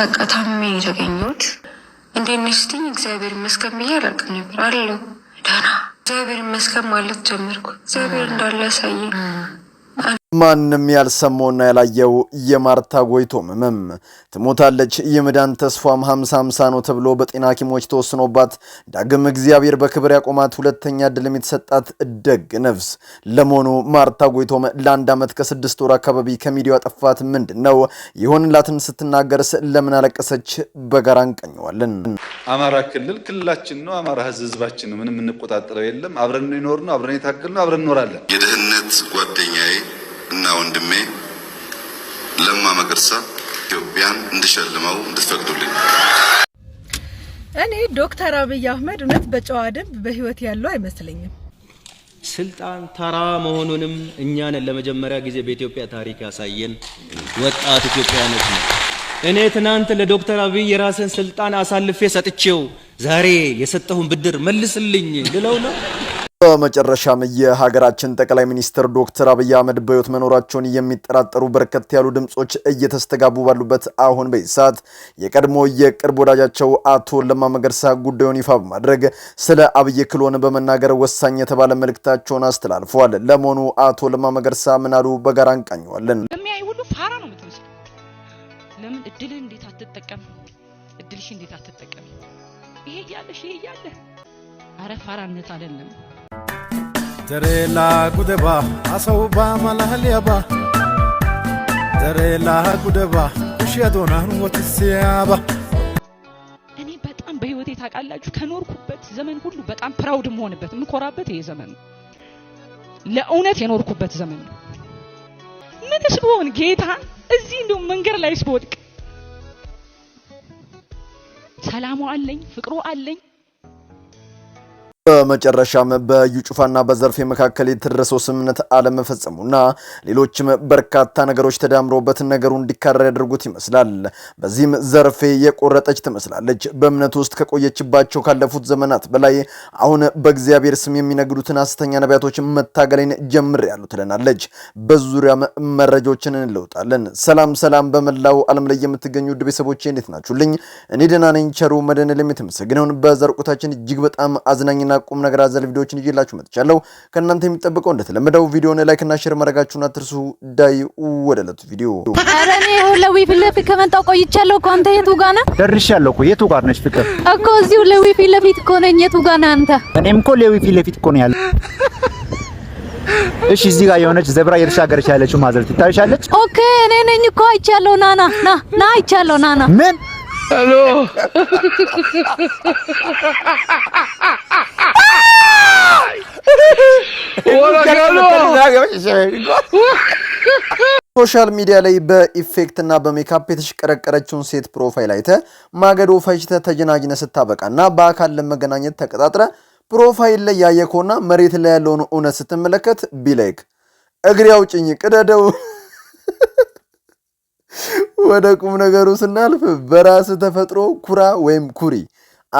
በቃ ታሜ የተገኘሁት እንዴት ነሽ እግዚአብሔር ይመስገን ብዬ አላውቅም ነበር አለው። ደህና እግዚአብሔር ይመስገን ማለት ጀመርኩ። እግዚአብሔር እንዳለ ያሳየኝ ማንም ያልሰማውና ያላየው የማርታ ጎይቶም ህመም ትሞታለች፣ የመዳን ተስፋም ሀምሳ ሀምሳ ነው ተብሎ በጤና ሐኪሞች ተወስኖባት ዳግም እግዚአብሔር በክብር ያቆማት ሁለተኛ ድልም የተሰጣት ደግ ነፍስ። ለመሆኑ ማርታ ጎይቶም ለአንድ ዓመት ከስድስት ወር አካባቢ ከሚዲያው ያጠፋት ምንድን ነው? የሆንላትን ስትናገርስ ለምን አለቀሰች? በጋራ እንቀኘዋለን። አማራ ክልል ክልላችን ነው። አማራ ህዝባችን ነው። ምንም የምንቆጣጠረው የለም። አብረን ይኖር ነው። አብረን የታገል ነው። አብረን እንኖራለን። የደህንነት ጓደኛዬ እህትና ወንድሜ ለማ መገርሳ ኢትዮጵያን እንድሸልመው እንድትፈቅዱልኝ። እኔ ዶክተር አብይ አህመድ እውነት በጨዋ ደንብ በህይወት ያለው አይመስለኝም። ስልጣን ተራ መሆኑንም እኛን ለመጀመሪያ ጊዜ በኢትዮጵያ ታሪክ ያሳየን ወጣት ኢትዮጵያኖች ነው። እኔ ትናንት ለዶክተር አብይ የራስን ስልጣን አሳልፌ ሰጥቼው ዛሬ የሰጠሁን ብድር መልስልኝ ልለው ነው። በመጨረሻም የሀገራችን ጠቅላይ ሚኒስትር ዶክተር አብይ አህመድ በህይወት መኖራቸውን የሚጠራጠሩ በርከት ያሉ ድምፆች እየተስተጋቡ ባሉበት አሁን በዚህ ሰዓት የቀድሞ የቅርብ ወዳጃቸው አቶ ለማ መገርሳ ጉዳዩን ይፋ በማድረግ ስለ አብይ ክሎን በመናገር ወሳኝ የተባለ መልእክታቸውን አስተላልፈዋል። ለመሆኑ አቶ ለማ መገርሳ ምን አሉ? በጋራ እንቃኘዋለን። ለሚያይ ሁሉ ፋራ ነው የምትመስለው። ለምን እድልህ እንዴት አትጠቀም? እድልሽ እንዴት አትጠቀም? ይሄ እያለሽ ይሄ እያለ አረ ፋራነት አይደለም Jareela gudeba asawba malaliyaba Jareela gudeba kushiya donan ወትስያባ እኔ በጣም በህይወቴ ታውቃላችሁ ከኖርኩበት ዘመን ሁሉ በጣም ፕራውድ መሆንበት የምኮራበት ይሄ ዘመን ነው። ለእውነት የኖርኩበት ዘመን ነው። ምንስ ብሆን ጌታ እዚህ እንደው መንገድ ላይ ስወድቅ ሰላሙ አለኝ፣ ፍቅሩ አለኝ። በመጨረሻም በዩ ጩፋና በዘርፌ መካከል የተደረሰው ስምምነት አለመፈጸሙና ሌሎችም በርካታ ነገሮች ተዳምሮበት ነገሩ እንዲካረር ያደርጉት ይመስላል። በዚህም ዘርፌ የቆረጠች ትመስላለች። በእምነት ውስጥ ከቆየችባቸው ካለፉት ዘመናት በላይ አሁን በእግዚአብሔር ስም የሚነግዱትን ሐሰተኛ ነቢያቶች ጀምር ያሉ ትለናለች። በዙሪያም መረጃዎችን እንለውጣለን። ሰላም ሰላም፣ በመላው ዓለም ላይ የምትገኙ ውድ ቤተሰቦቼ እንዴት ናችሁልኝ? እኔ ደህና ነኝ። ቸሩ መድኃኔዓለም የተመሰገነውን በዘርቁታችን እጅግ በጣም አዝናኝና ቁም ነገር አዘል ቪዲዮዎችን ይዤላችሁ መጥቻለሁ። ከእናንተ የሚጠብቀው እንደተለመደው ቪዲዮውን ላይክ እና ሼር ማድረጋችሁን አትርሱ። ዳይ ወደ ዕለቱ ቪዲዮ አረኔ ሁለዊ ፊት ለፊት ከመጣሁ ቆይቻለሁ እኮ አንተ የቱ ጋና ደርሻለሁ እኮ የቱ ጋር ነሽ ፍቅር እኮ እዚህ ለዊ ፊት ለፊት እኮ ነኝ። የቱ ጋና አንተ እኔም እኮ ለዊ ፊት ለፊት እኮ ነው ያለው። እሺ እዚህ ጋር የሆነች ዘብራ እየተሻገረች ያለችው ማዘር ትታይሻለች። ኦኬ እኔ ነኝ እኮ አይቻለሁ። ናና ና ና አይቻለሁ። ናና ምን ሄሎ ሶሻል ሚዲያ ላይ በኢፌክት እና በሜካፕ የተሽቀረቀረችውን ሴት ፕሮፋይል አይተ ማገዶ ፈጅተ ተጀናጅነ ስታበቃ እና በአካል ለመገናኘት ተቀጣጥረ ፕሮፋይል ላይ ያየከውና መሬት ላይ ያለውን እውነት ስትመለከት ቢላይክ እግሬ አውጭኝ ቅደደው። ወደ ቁም ነገሩ ስናልፍ በራስ ተፈጥሮ ኩራ ወይም ኩሪ።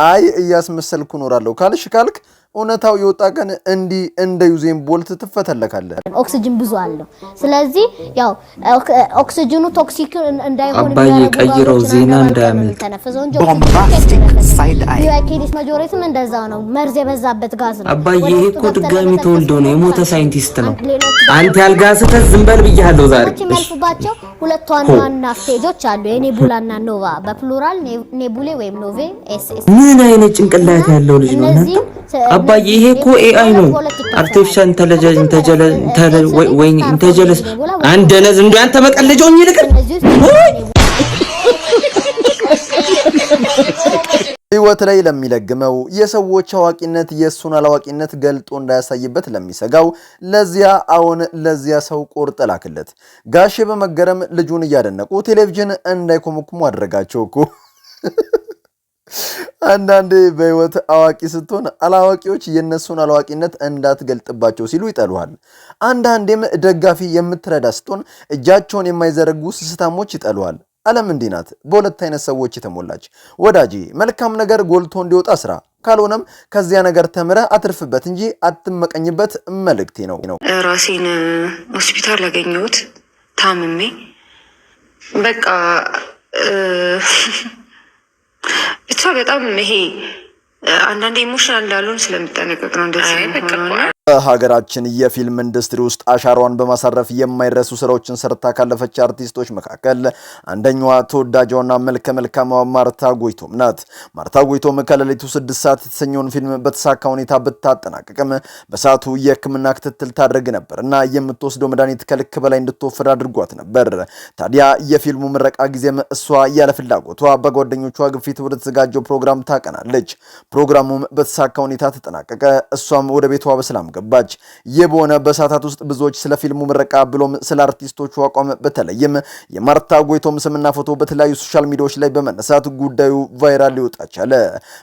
አይ እያስመሰልኩ እኖራለሁ ካልሽ ካልክ እውነታው የወጣ ቀን እንዲህ እንደ ዩዜን ቦልት ትፈተለካለህ። ኦክሲጅን ብዙ አለው። ስለዚህ ያው ኦክሲጅኑ ቶክሲክ እንዳይሆን አባዬ ቀይረው ዜና እንዳያመልጥ ዲስ ማጆሬትም እንደዛው ነው። መርዝ የበዛበት ጋዝ ነው አባዬ። ይሄ እኮ ድጋሚ ተወልዶ ነው የሞተ ሳይንቲስት ነው። አንተ ያልጋስተህ ዝም በል ብያለሁ ዛሬ። የሚያልፉባቸው ሁለት ዋና ዋና ስቴጆች አሉ፣ የኔቡላ እና ኖቫ በፕሉራል ኔቡሌ ወይም ኖቬ ኤስ ኤስ። ምን አይነት ጭንቅላት ያለው ልጅ ነው እናንተ አባዬ ይሄ እኮ ኤአይ ነው፣ አርቲፊሻል ኢንተለጀንስ። ኢንተለጀንስ ኢንተለጀንስ ወይ አንድ ነዝ እንደ አንተ መቀለጃውኝ ልቅር ህይወት ላይ ለሚለግመው የሰዎች አዋቂነት የእሱን አላዋቂነት ገልጦ እንዳያሳይበት ለሚሰጋው ለዚያ አሁን ለዚያ ሰው ቁርጥ ላክለት። ጋሼ በመገረም ልጁን እያደነቁ ቴሌቪዥን እንዳይኮመኩሙ አደረጋቸው እኮ። አንዳንዴ በህይወት አዋቂ ስትሆን አላዋቂዎች የእነሱን አላዋቂነት እንዳትገልጥባቸው ሲሉ ይጠሉሃል። አንዳንዴም ደጋፊ የምትረዳ ስትሆን እጃቸውን የማይዘረጉ ስስታሞች ይጠሉሃል። ዓለም እንዲህ ናት፣ በሁለት አይነት ሰዎች የተሞላች። ወዳጄ መልካም ነገር ጎልቶ እንዲወጣ ስራ፣ ካልሆነም ከዚያ ነገር ተምረህ አትርፍበት እንጂ አትመቀኝበት። መልእክቴ ነው። ራሴን ሆስፒታል ያገኘሁት ታምሜ በቃ ብቻ በጣም ይሄ አንዳንድ ኢሞሽናል እንዳልሆን ስለምጠነቀቅ ነው እንደዚህ በሀገራችን የፊልም ኢንዱስትሪ ውስጥ አሻሯን በማሳረፍ የማይረሱ ስራዎችን ሰርታ ካለፈች አርቲስቶች መካከል አንደኛዋ ተወዳጇና መልከ መልካሟ ማርታ ጎይቶም ናት። ማርታ ጎይቶም ከሌሊቱ ስድስት ሰዓት የተሰኘውን ፊልም በተሳካ ሁኔታ ብታጠናቅቅም በሰዓቱ የሕክምና ክትትል ታደርግ ነበር እና የምትወስደው መድኃኒት ከልክ በላይ እንድትወፍር አድርጓት ነበር። ታዲያ የፊልሙ ምረቃ ጊዜም እሷ ያለ ፍላጎቷ በጓደኞቿ ግፊት ወደ ተዘጋጀው ፕሮግራም ታቀናለች። ፕሮግራሙም በተሳካ ሁኔታ ተጠናቀቀ። እሷም ወደ ቤቷ በሰላም ገባች ይህ በሆነ በሰዓታት ውስጥ ብዙዎች ስለ ፊልሙ ምረቃ ብሎም ስለ አርቲስቶቹ አቋም በተለይም የማርታ ጎይቶም ስምና ፎቶ በተለያዩ ሶሻል ሚዲያዎች ላይ በመነሳት ጉዳዩ ቫይራል ሊወጣ ቻለ።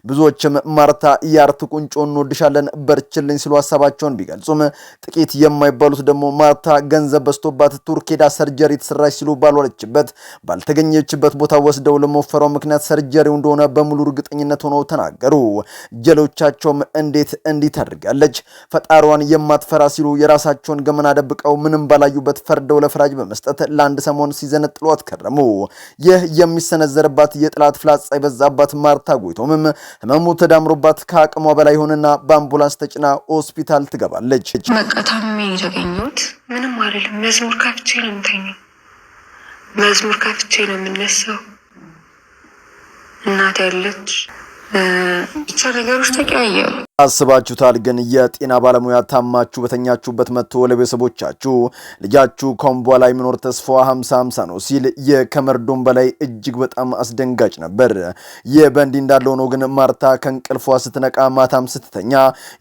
ብዙዎችም ማርታ የአርት ቁንጮ እንወድሻለን በርችልኝ ሲሉ ሀሳባቸውን ቢገልጹም ጥቂት የማይባሉት ደግሞ ማርታ ገንዘብ በስቶባት ቱርክ ሄዳ ሰርጀሪ የተሰራች ሲሉ ባልዋለችበት ባልተገኘችበት ቦታ ወስደው ለመወፈሯ ምክንያት ሰርጀሪው እንደሆነ በሙሉ እርግጠኝነት ሆነው ተናገሩ። ጀሎቻቸውም እንዴት እንዲህ ታድርጋለች ፈጣሪ ግንባሯን የማትፈራ ሲሉ የራሳቸውን ገመና ደብቀው ምንም ባላዩበት ፈርደው ለፈራጅ በመስጠት ለአንድ ሰሞን ሲዘነጥሉ አትከረሙ። ይህ የሚሰነዘርባት የጥላት ፍላጻ የበዛባት ማርታ ጎይቶምም ህመሙ ተዳምሮባት ከአቅሟ በላይ ሆንና በአምቡላንስ ተጭና ሆስፒታል ትገባለች። መቀታሚ ታሜ ምንም አይደለም። መዝሙር ከፍቼ ነው የምተኘው፣ መዝሙር ከፍቼ ነው የምነሳው። እናት ያለች ብቻ ነገሮች ተቀያየሩ። አስባችሁታል ግን የጤና ባለሙያ ታማችሁ በተኛችሁበት መጥቶ ለቤተሰቦቻችሁ ልጃችሁ ኮምቧ ላይ የሚኖር ተስፋዋ 50 50 ነው ሲል የከመርዶን በላይ እጅግ በጣም አስደንጋጭ ነበር። ይህ በእንዲህ እንዳለ ሆኖ ግን ማርታ ከእንቅልፏ ስትነቃ ማታም ስትተኛ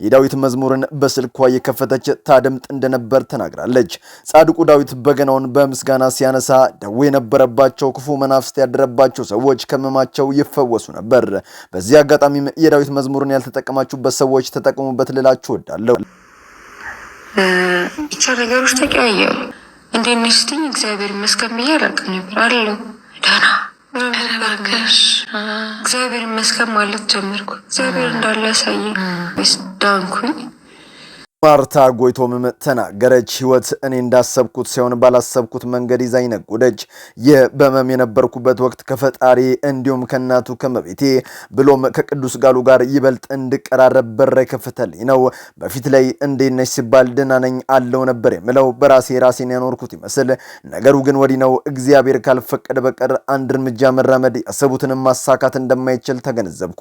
የዳዊት መዝሙርን በስልኳ የከፈተች ታደምጥ እንደነበር ተናግራለች። ጻድቁ ዳዊት በገናውን በምስጋና ሲያነሳ ደዌ የነበረባቸው ክፉ መናፍስት ያደረባቸው ሰዎች ከመማቸው ይፈወሱ ነበር። በዚህ አጋጣሚም የዳዊት መዝሙርን ያልተጠቀማችሁበት ሰዎች ተጠቅሙበት ልላችሁ እወዳለሁ። ብቻ ነገሮች ተቀያየሩ። እንዴት ነሽ ስትይኝ እግዚአብሔር ይመስገን ብዬ አላውቅም ነበር አለው። ደህና እባክሽ እግዚአብሔር ይመስገን ማለት ጀመርኩ። እግዚአብሔር እንዳለ ያሳየኝ ዳንኩኝ። ማርታ ጎይቶምም ተናገረች። ህይወት እኔ እንዳሰብኩት ሳይሆን ባላሰብኩት መንገድ ይዛኝ ነጎደች። ይህ በህመም የነበርኩበት ወቅት ከፈጣሪ እንዲሁም ከእናቱ ከመቤቴ ብሎም ከቅዱስ ጋሉ ጋር ይበልጥ እንድቀራረብ በር የከፈተልኝ ነው። በፊት ላይ እንዴት ሲባል ደህና ነኝ አለው ነበር የምለው በራሴ ራሴን ያኖርኩት ይመስል። ነገሩ ግን ወዲህ ነው። እግዚአብሔር ካልፈቀደ በቀር አንድ እርምጃ መራመድ ያሰቡትንም ማሳካት እንደማይችል ተገነዘብኩ።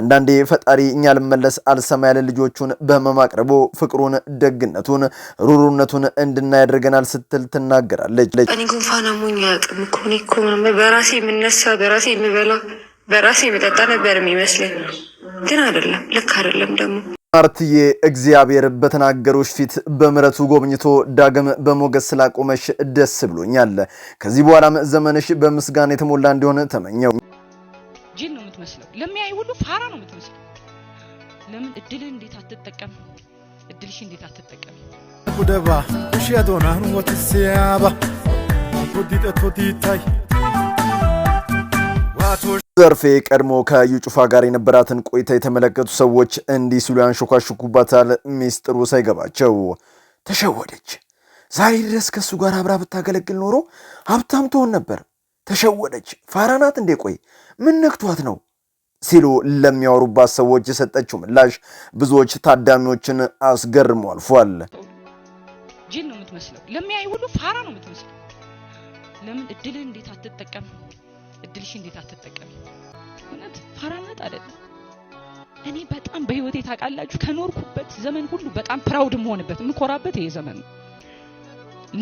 አንዳንዴ ፈጣሪ እኛ ልመለስ አልሰማ ያለ ልጆቹን በህመም አቅርቦ ፍቅሩን፣ ደግነቱን፣ ሩሩነቱን እንድናይ ያደርገናል ስትል ትናገራለች። እኔ ጉንፋን አሞኝ አያውቅም እኮ እኔ እኮ በራሴ የምነሳ በራሴ የምበላ በራሴ የምጠጣ ነበር የሚመስለኝ፣ ግን አይደለም። ልክ አይደለም ደግሞ ማርትዬ እግዚአብሔር በተናገሩሽ ፊት በምረቱ ጎብኝቶ ዳግም በሞገስ ስላቆመሽ ደስ ብሎኛል። ከዚህ በኋላም ዘመንሽ በምስጋና የተሞላ እንዲሆን ተመኘው። ጅል ነው የምትመስለው፣ ለሚያይ ሁሉ ፋራ ነው የምትመስለው። ለምን እድልን እንዴት አትጠቀም? እድልሽ እንዴት አትጠቀሚ? ጉደባ እሺ አዶናን ወትሲያባ ዲጠቶዲታይ ዘርፌ ቀድሞ ከዩ ጩፋ ጋር የነበራትን ቆይታ የተመለከቱ ሰዎች እንዲህ ሲሉ ያንሾካሹኩባታል። ሚስጥሩ ሳይገባቸው ተሸወደች። ዛሬ ድረስ ከእሱ ጋር አብራ ብታገለግል ኖሮ ሀብታም ትሆን ነበር። ተሸወደች። ፋራናት እንዴ? ቆይ ምን ነክቷት ነው? ሲሉ ለሚያወሩባት ሰዎች የሰጠችው ምላሽ ብዙዎች ታዳሚዎችን አስገርሞ አልፏል። ጅን ነው የምትመስለው፣ ለሚያይ ሁሉ ፋራ ነው የምትመስለው። ለምን እድልህ እንዴት አትጠቀም? እድልሽ እንዴት አትጠቀም? እውነት ፋራነት አይደለም። እኔ በጣም በህይወቴ ታውቃላችሁ፣ ከኖርኩበት ዘመን ሁሉ በጣም ፕራውድ የምሆንበት የምኮራበት ይሄ ዘመን ነው።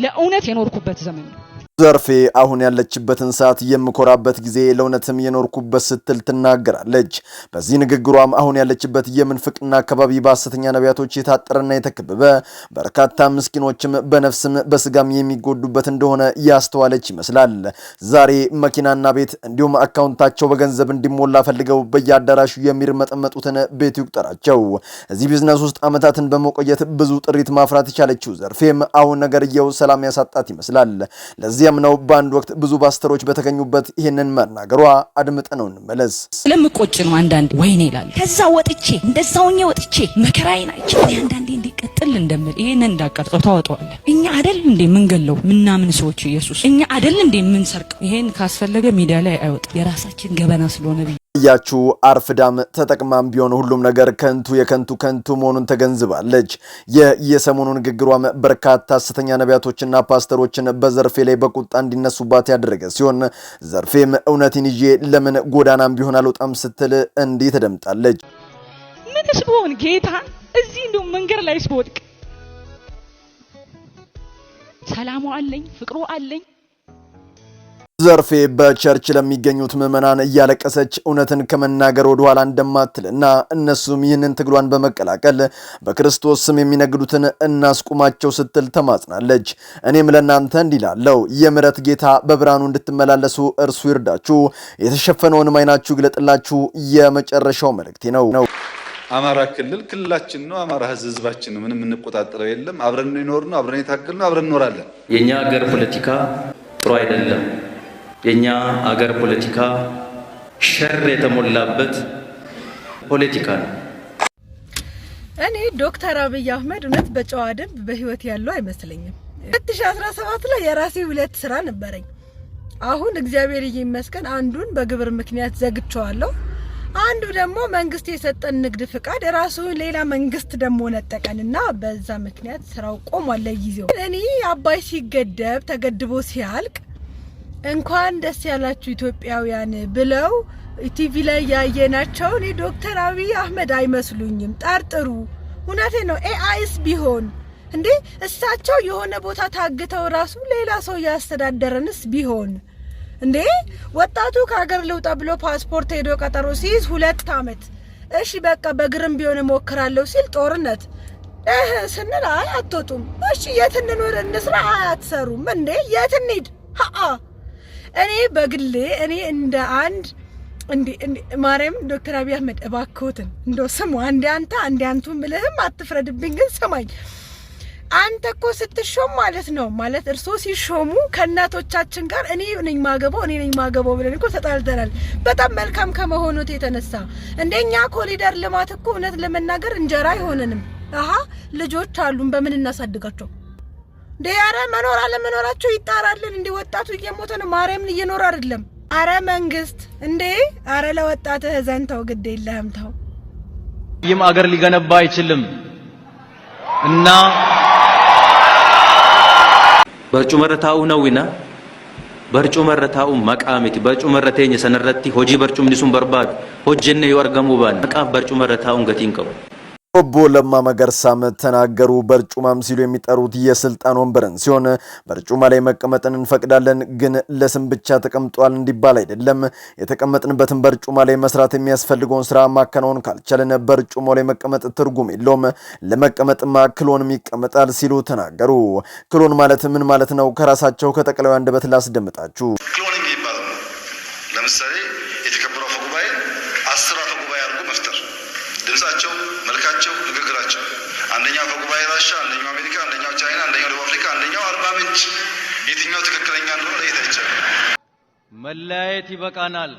ለእውነት የኖርኩበት ዘመን ነው። ዘርፌ አሁን ያለችበትን ሰዓት የምኮራበት ጊዜ ለእውነትም የኖርኩበት ስትል ትናገራለች። በዚህ ንግግሯም አሁን ያለችበት የምንፍቅና አካባቢ በሐሰተኛ ነቢያቶች የታጠረና የተከበበ በርካታ ምስኪኖችም በነፍስም በስጋም የሚጎዱበት እንደሆነ ያስተዋለች ይመስላል። ዛሬ መኪናና ቤት እንዲሁም አካውንታቸው በገንዘብ እንዲሞላ ፈልገው በየአዳራሹ የሚርመጠመጡትን ቤት ይቁጠራቸው። እዚህ ቢዝነስ ውስጥ ዓመታትን በመቆየት ብዙ ጥሪት ማፍራት የቻለችው ዘርፌም አሁን ነገርየው ሰላም ያሳጣት ይመስላል። ለዚያ ነው በአንድ ወቅት ብዙ ባስተሮች በተገኙበት ይህንን መናገሯ አድምጠነው እንመለስ። ስለምቆጭ ነው አንዳንዴ ወይኔ ይላል። ከዛ ወጥቼ እንደዛውኛ ወጥቼ መከራዬ ናቸው አንዳንዴ እንዲቀጥል እንደምል ይህንን እንዳቀርጸው ታወጠዋለ እኛ አደል እንዴ ምንገለው ምናምን ሰዎች ኢየሱስ እኛ አደል እንዴ የምንሰርቀው? ይሄን ካስፈለገ ሚዲያ ላይ አይወጣም የራሳችን ገበና ስለሆነ እያችሁ አርፍዳም ተጠቅማም ቢሆን ሁሉም ነገር ከንቱ የከንቱ ከንቱ መሆኑን ተገንዝባለች። የሰሞኑ ንግግሯም በርካታ ሐሰተኛ ነቢያቶችና ፓስተሮችን በዘርፌ ላይ በቁጣ እንዲነሱባት ያደረገ ሲሆን ዘርፌም እውነትን ይዤ ለምን ጎዳናም ቢሆን አልወጣም ስትል እንዲህ ተደምጣለች። ምንስ ብሆን ጌታ እዚህ እንደው መንገድ ላይ ስወድቅ ሰላሙ አለኝ፣ ፍቅሩ አለኝ ዘርፌ በቸርች ለሚገኙት ምዕመናን እያለቀሰች እውነትን ከመናገር ወደ ኋላ እንደማትልና እነሱም ይህንን ትግሏን በመቀላቀል በክርስቶስ ስም የሚነግዱትን እናስቁማቸው ስትል ተማጽናለች። እኔም ለእናንተ እንዲላለው የምረት ጌታ በብርሃኑ እንድትመላለሱ እርሱ ይርዳችሁ፣ የተሸፈነውንም አይናችሁ ይግለጥላችሁ የመጨረሻው መልእክቴ ነው። አማራ ክልል ክልላችን ነው። አማራ ሕዝብ ነው። ምንም የምንቆጣጠረው የለም። አብረን ነው አብረን አብረን ነው። አብረን እንኖራለን። የእኛ ሀገር ፖለቲካ ጥሩ አይደለም። የእኛ አገር ፖለቲካ ሸር የተሞላበት ፖለቲካ ነው። እኔ ዶክተር አብይ አህመድ እውነት በጨዋ ደንብ በህይወት ያለው አይመስለኝም። 2017 ላይ የራሴ ሁለት ስራ ነበረኝ። አሁን እግዚአብሔር ይመስገን አንዱን በግብር ምክንያት ዘግቸዋለሁ። አንዱ ደግሞ መንግስት የሰጠን ንግድ ፍቃድ ራሱ ሌላ መንግስት ደግሞ ነጠቀንና በዛ ምክንያት ስራው ቆሟል ለጊዜው። እኔ አባይ ሲገደብ ተገድቦ ሲያልቅ እንኳን ደስ ያላችሁ ኢትዮጵያውያን ብለው ቲቪ ላይ እኔ ዶክተር አብይ አህመድ አይመስሉኝም። ጠርጥሩ። እውነቴ ነው። ኤአይስ ቢሆን እንዴ እሳቸው የሆነ ቦታ ታግተው ራሱ ሌላ ሰው እያስተዳደረንስ ቢሆን እንዴ ወጣቱ ከሀገር ልውጣ ብሎ ፓስፖርት ሄዶ ቀጠሮ ሲይዝ ሁለት ዓመት እሺ በቃ በግርም ቢሆን እሞክራለሁ ሲል ጦርነት እህ ስንል አይ አትወጡም፣ እሺ የት እንስራ፣ አይ አትሰሩም እንዴ የት እንሂድ ሀአ እኔ በግሌ እኔ እንደ አንድ ማርያም ዶክተር አብይ አህመድ እባክዎትን እንደው ስሙ አንዴ አንተ አንዴ አንቱን ብልህም አትፍረድብኝ፣ ግን ስማኝ አንተ እኮ ስትሾም ማለት ነው ማለት እርስዎ ሲሾሙ ከእናቶቻችን ጋር እኔ ነኝ ማገበው እኔ ነኝ ማገበው ብለን እኮ ተጣልተናል። በጣም መልካም ከመሆኑት የተነሳ እንደኛ ኮሊደር ልማት እኮ እውነት ለመናገር እንጀራ አይሆነንም። አሀ ልጆች አሉን፣ በምን እናሳድጋቸው? እንዴ! አረ መኖር አለመኖራቸው ይጣራልን። እንደ ወጣቱ እየሞተ ነው። ማርያምን እየኖረ አይደለም። አረ መንግስት እንዴ! አረ ለወጣት ዘንተው ግድ የለህም ተው። ይህም አገር ሊገነባ አይችልም እና በርጩ መረታው በርጩመረታኡ በርጩ መረታው መቃሚት በርጩ በርጩመረቴኝ ሰነረቲ ሆጂ በርጩምኒሱን በርባድ ሆጅነ ይወርገሙ ባን መቃፍ በርጩመረታኡን ገቲን ቀቡ ኦቦ ለማ መገርሳም ተናገሩ። በርጩማም ሲሉ የሚጠሩት የስልጣን ወንበርን ሲሆን በርጩማ ላይ መቀመጥን እንፈቅዳለን፣ ግን ለስም ብቻ ተቀምጧል እንዲባል አይደለም። የተቀመጥንበትን በርጩማ ላይ መስራት የሚያስፈልገውን ስራ ማከናወን ካልቻለን በርጩማ ላይ መቀመጥ ትርጉም የለውም። ለመቀመጥማ ክሎንም ይቀመጣል ሲሉ ተናገሩ። ክሎን ማለት ምን ማለት ነው? ከራሳቸው ከጠቅላዩ አንደበት ላስደምጣችሁ። መለያየት ይበቃናል።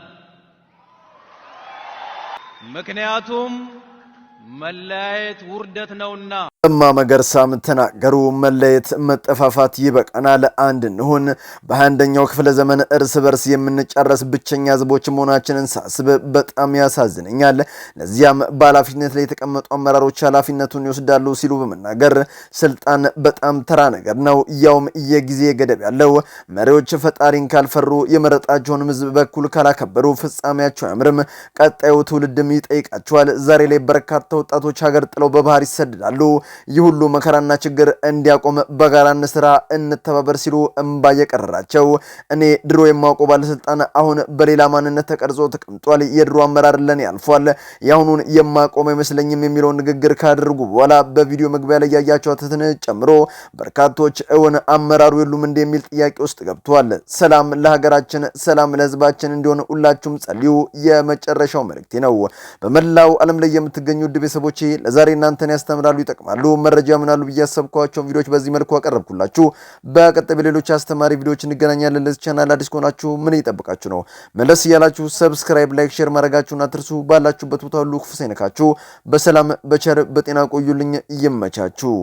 ምክንያቱም መለያየት ውርደት ነውና እማ መገርሳም ተናገሩ። መለየት፣ መጠፋፋት ይበቃናል፣ አንድ እንሁን በአንደኛው ክፍለ ዘመን እርስ በርስ የምንጫረስ ብቸኛ ህዝቦች መሆናችንን ሳስብ በጣም ያሳዝነኛል። ለዚያም በኃላፊነት ላይ የተቀመጡ አመራሮች ኃላፊነቱን ይወስዳሉ ሲሉ በመናገር ስልጣን በጣም ተራ ነገር ነው፣ ያውም የጊዜ ገደብ ያለው። መሪዎች ፈጣሪን ካልፈሩ፣ የመረጣቸውን ህዝብ በኩል ካላከበሩ ፍጻሜያቸው አያምርም፣ ቀጣዩ ትውልድም ይጠይቃቸዋል። ዛሬ ላይ በርካታ ወጣቶች ሀገር ጥለው በባህር ይሰደዳሉ። ይህ ሁሉ መከራና ችግር እንዲያቆም በጋራ እንስራ፣ እንተባበር ሲሉ እምባ የቀረራቸው እኔ ድሮ የማውቀው ባለስልጣን አሁን በሌላ ማንነት ተቀርጾ ተቀምጧል። የድሮ አመራር ለኔ አልፏል። የአሁኑን የማቆም አይመስለኝም የሚለውን ንግግር ካደርጉ በኋላ በቪዲዮ መግቢያ ላይ ያያቸዋትን ጨምሮ በርካቶች እውን አመራሩ የሉም እንደ የሚል ጥያቄ ውስጥ ገብቷል። ሰላም ለሀገራችን፣ ሰላም ለህዝባችን እንዲሆን ሁላችሁም ጸልዩ። የመጨረሻው መልእክቴ ነው። በመላው ዓለም ላይ የምትገኙ ውድ ቤተሰቦቼ ለዛሬ እናንተን ያስተምራሉ፣ ይጠቅማሉ ያሉ መረጃ ምናሉ ብዬ ያሰብኳቸውን ቪዲዮዎች በዚህ መልኩ አቀረብኩላችሁ። በቀጣይ በሌሎች አስተማሪ ቪዲዮዎች እንገናኛለን። ለዚህ ቻናል አዲስ ከሆናችሁ ምን እየጠበቃችሁ ነው? መለስ እያላችሁ ሰብስክራይብ፣ ላይክ፣ ሼር ማድረጋችሁን አትርሱ። ባላችሁበት ቦታ ሁሉ ክፉ ሳይነካችሁ በሰላም በቸር በጤና ቆዩልኝ። ይመቻችሁ።